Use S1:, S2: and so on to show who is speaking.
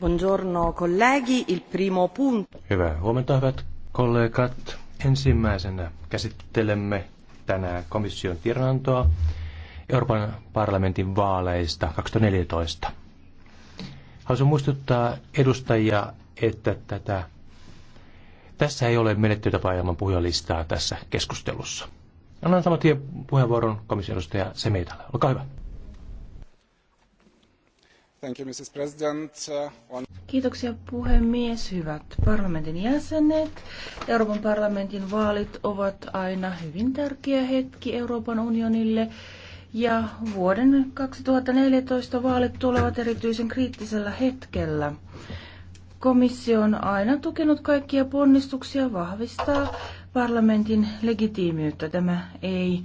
S1: Buongiorno colleghi, il primo punto.
S2: Hyvää huomenta hyvät kollegat. Ensimmäisenä käsittelemme tänään komission tiedonantoa Euroopan parlamentin vaaleista 2014. Haluaisin muistuttaa edustajia, että tätä, tässä ei ole menettelytapaa ilman puhujalistaa tässä keskustelussa. Annan saman tien puheenvuoron komission edustaja Semitalle. Olkaa hyvä.
S3: Thank you, Mrs. President. Uh, on...
S1: Kiitoksia puhemies, hyvät parlamentin jäsenet. Euroopan parlamentin vaalit ovat aina hyvin tärkeä hetki Euroopan unionille. Ja vuoden 2014 vaalit tulevat erityisen kriittisellä hetkellä. Komissio on aina tukenut kaikkia ponnistuksia vahvistaa parlamentin legitiimiyttä. Tämä ei